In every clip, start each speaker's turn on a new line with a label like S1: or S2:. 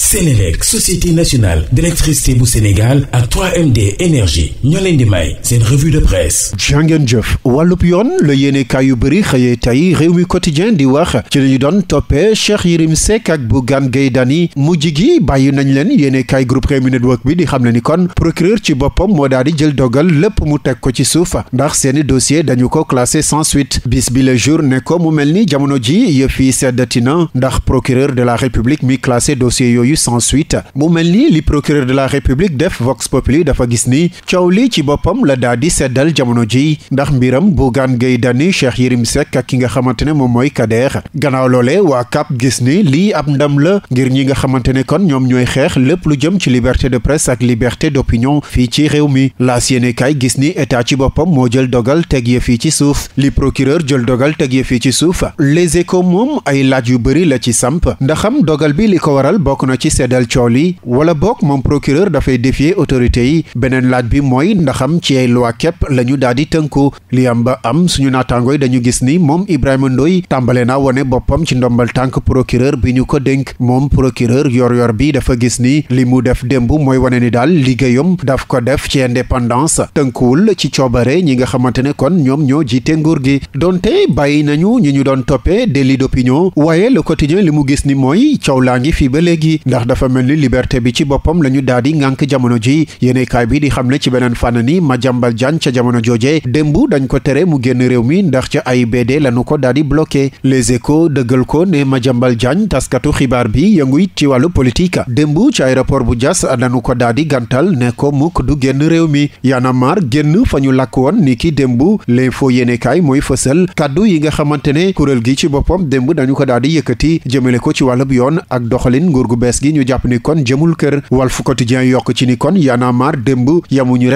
S1: Sénélec société nationale d'électricité bu Sénégal ak 3MD énergie ñoo leen di may seen de presse jàngeen jëf wàllub yoon la yéenekaay yu bëri xëyee tey réew mi quotidien di wax ci la ñu doon toppee Cheikh Yérim Seck ak Bougane Gueye Dany mujj gi bàyyi nañ leen yéenekaay groupe Rewmi Network bi di xam ne ni kon procureur ci boppam moo daal di jël dogal lépp mu teg ko ci suuf ndax seeni dossier dañu ko classé sans suite bis bi le jour ne ko mu mel ni jamono ji yëf yi seddatina ndax procureur de la république mi classé dossier yooyu yu sans suite mu mel ni li procureur de la république def vox populi dafa gis ni coow lii ci boppam la daa di seddal jamono ji ndax mbiram Bougane Gueye Dany Cheikh Yérim Seck ak ki nga xamante ne moom mooy Kader gannaaw loole waa CAP gis ni lii ab ndam la ngir ñi nga xamante ne kon ñoom ñooy xeex lépp lu jëm ci liberté de presse ak liberté d'opinion fii ci réew mi laas yéene gis ni état ci boppam moo jël dogal teg ya fii ci suuf li procureur jël dogal teg ya fii ci suuf les yu bëri la ci seddal coow li wala boog moom procureur dafay défier autorité yi beneen laaj bi mooy ndaxam ci ay loi képp la ñu daal di tënku li am ba am suñu naataangooy dañu gis ni moom Ibrahima Ndoye tàmbale naa wone boppam ci ndombal tànk procureur bi ñu ko dénk moom procureur yor-yor bi dafa gis ni li mu def démb mooy wane ni daal liggéeyam daf ko def ci indépendance tënkuwul ci coobare ñi nga xamante ne kon ñoom ñoo jiite nguur gi donte bàyyi nañu ñi ñu doon toppee délit d'opinion waaye le li mu gis ni mooy coow ndax dafa mel ni liberté bi ci boppam la ñu daal di ngànk jamono ji yénekaay bi di xam ne ci beneen fànn ni Madiambal Diagne ca jamono jooje démb dañ ko tere mu génn réew mi ndax ca ay AIBD lañu ko daal di bloqué les échos dëggal ko ne Madiambal Diagne taskatu xibaar bi yënguy ci wàllu politique démb ci aéroport bu Diass lañu ko daal di gàntal ne ko mukk du génn réew mi yaana mar génn fa ñu làkk woon ni ki démb l'info yénekaay mooy fësal kàddu yi nga xamante ne kuréel gi ci boppam démb dañu ko daal di yëkkati jëmale ko ci wàllub yoon ak doxalin nguur gu bees gi ñu kon jëmul kër Walf Quotidien yokk ci ni kon Y'en a marre démb yamuñu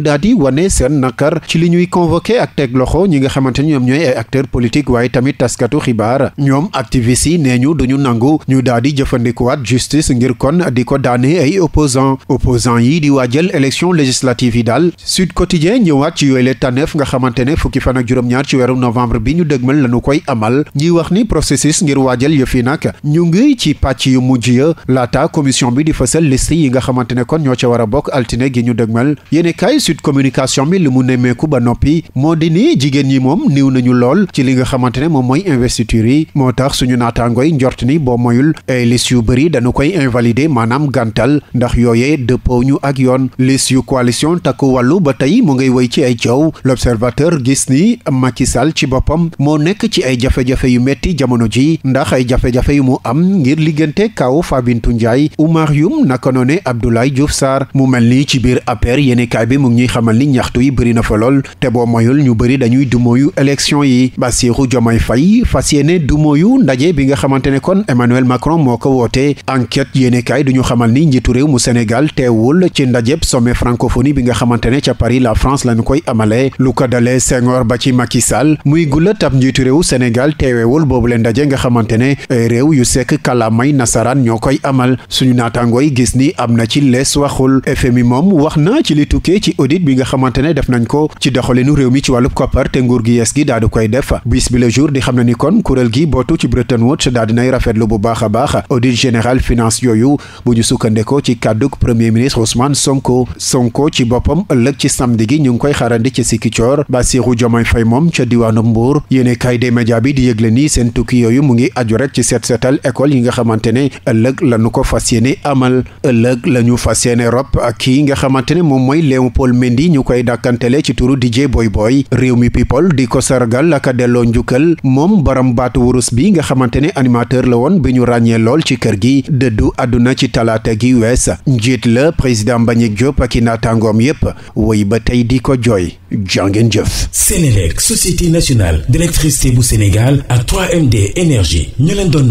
S1: daal di wane seen nakar ci li ñuy convoqué ak teg loxo ñi nga xamante ni ñoom ñooy ay acteurs politiques waaye tamit taskatu xibaar ñoom activistes yi nee ñu duñu nangu ñu daal di jëfandikuwaat justice ngir kon di ko daane ay opposant opposant yi di waajal élection législative yi daal Sud Quotidien ñëwaat ci yooyu la tànneef nga xamante ne fukki fan ak juróom-ñaar ci weeru novembre bi ñu dëgmal lañu koy amal ñuy wax ni processus ngir waajal yëf yi nag ñu ngi ci pàcc yu mujj mujj laata commission bi di fësal liste yi nga xamante kon ñoo ca war a bokk altine gi ñu dëgmal yéene kaay sud bi li mu nemmeeku ba noppi moo di ni jigéen ñi moom niw nañu lool ci li nga xamante moom mooy investiture yi moo tax suñu naataangooy njort ni boo moyul ay liste yu bëri dañu koy invalider maanaam gàntal ndax yooyee dëppoo ñu ak yoon liste yu coalition takku wàllu ba tey mu ngay wéy ci ay coow l'observateur gis ni Macky Sall ci boppam moo nekk ci ay jafe-jafe yu metti jamono ji ndax am ngir Diaw Fabintou Ndiaye Oumar Youm naka noone Abdoulaye Diouf Sarr mu mel nii ci biir APR yéenekaay bi mu ñuy xamal ni ñaxtu yi bëri na fa lool te boo moyul ñu bëri dañuy dumóoyu élection yi Bassirou Diomaye Faye fas yéene dumóoyu ndaje bi nga xamante ne kon Emmanuel Macron moo ko woote enquête yéenekaay duñu xamal ni njiitu réew mu Sénégal teewul ci ndajeb some francophonie bi nga xamante ne ca Paris la France lañu koy amale lu ko dalee Senghor ba ci Macky Sall muy gula tab njiitu réew Sénégal teewewul boobu leen ndaje nga xamante ne réew yu sekk kàllaamay nasaraan ñoo koy amal suñu naataangoo yi gis nii am na ci les waxul FMI moom wax naa ci li tukkee ci audit bi nga xamante ne def nañ ko ci doxalinu réew mi ci wàllu koppar te nguur gi yees gi daal di koy def bis bi le jour di xam ne ni kon kuréel gi bootu ci Bretton Woods daal dinay rafetlu bu baax a baax audit général finance yooyu bu ñu sukkandekoo ci kàddug premier ministre Ousmane Sonko Sonko ci boppam ëllëg ci samedi gi ñu ngi koy xaarandi ci Sikicoor Bassirou Diomaye Faye moom diwaanu Mbour yéene kay des média bi di yëgle ni seen tukki yooyu mu ngi aju rek ci seet seetal école yi nga xamante ne ëllëg la ñu ko fas yéene amal ëllëg la ñu fas yéene rob ak kii nga xamante ne moom mooy Léopold Mendy ñu koy dàkkantele ci turu DJ booy booy réew mi people di ko sargal ak delloo njukkal moom baram baatu wurus bi nga xamante ne animateur la woon bi ñu ràññee lool ci kër gi dëddu àdduna ci talaata gi wees njiit la président Mbagnick Diop ak i naataangoom yépp woy ba tey di ko jooy jàngeen jëf Sénélec société nationale d'électricité bu Sénégal ak md